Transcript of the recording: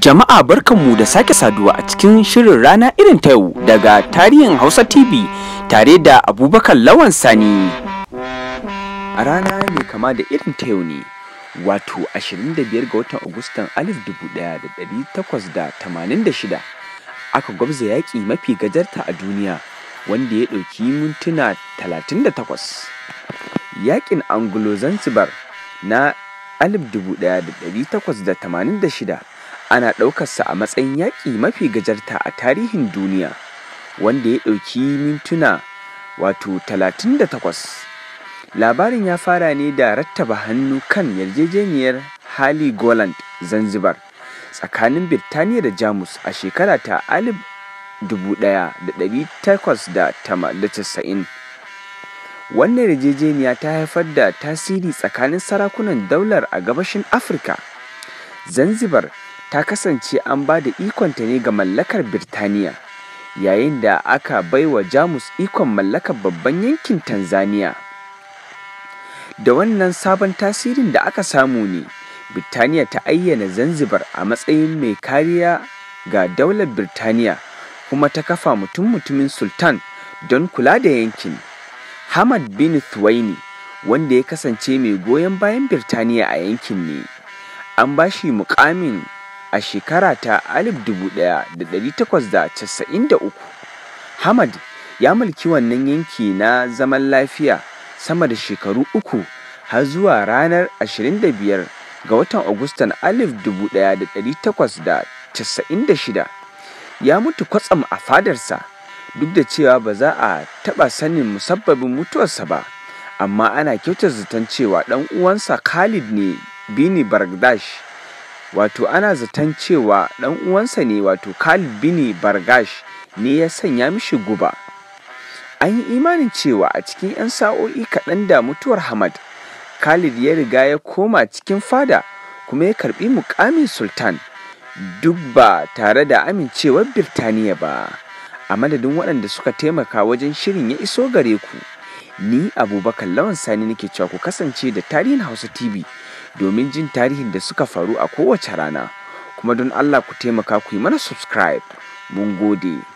Jama'a barkanmu da sake saduwa a cikin shirin rana irin ta yau daga tarihin Hausa TV tare da Abubakar Lawan Sani. A rana mai kama da irin ta yau ne, wato 25 ga watan Agustan 1886 aka gwabza yaƙi mafi gajarta a duniya wanda ya ɗauki mintuna 38. Yaƙin Anglo-Zanzibar na 1886 ana ɗaukarsa a matsayin yaƙi mafi gajarta a tarihin duniya wanda ya ɗauki mintuna wato 38 labarin ya fara ne da rattaba hannu kan yarjejeniyar hali goland zanzibar tsakanin birtaniya da jamus a shekara ta 1890 wannan yarjejeniya ta haifar da tasiri tsakanin sarakunan daular a gabashin afirka zanzibar ta kasance an ba da ikonta ne ga mallakar Birtaniya, yayin da aka baiwa Jamus ikon mallakar babban yankin Tanzania. Da wannan sabon tasirin da aka samu ne, Birtaniya ta ayyana Zanzibar a matsayin mai kariya ga daular Birtaniya kuma ta kafa mutum-mutumin Sultan don kula da yankin. Hamad bin Thuwaini, wanda ya kasance mai goyon bayan Birtaniya a yankin ne, an ba shi mukamin A shekara ta 1893, Hamad ya mulki wannan yanki na zaman lafiya sama da shekaru uku har zuwa ranar 25 ga watan Agustan 1896. Ya mutu kwatsam a fadarsa duk da cewa ba za a taɓa sanin musabbabin mutuwarsa ba, amma ana kyautar zaton cewa ɗan uwansa Khalid ne Bini Bargdash wato ana zaton cewa ɗan uwansa ne wato Khalid Bini Bargash ne ya sanya mishi guba. An yi imanin cewa a cikin 'yan sa'o'i kaɗan da mutuwar Hamad, Khalid ya riga ya koma cikin fada kuma ya karɓi mukamin Sultan duk ba tare da amincewar Birtaniya ba. A madadin waɗanda suka taimaka wajen shirin ya iso gare ku, ni Abubakar Lawan Sani nake cewa ku kasance da tarihin Hausa TV. domin jin tarihin da suka faru a kowace rana kuma don Allah ku taimaka ku yi mana subscribe mun gode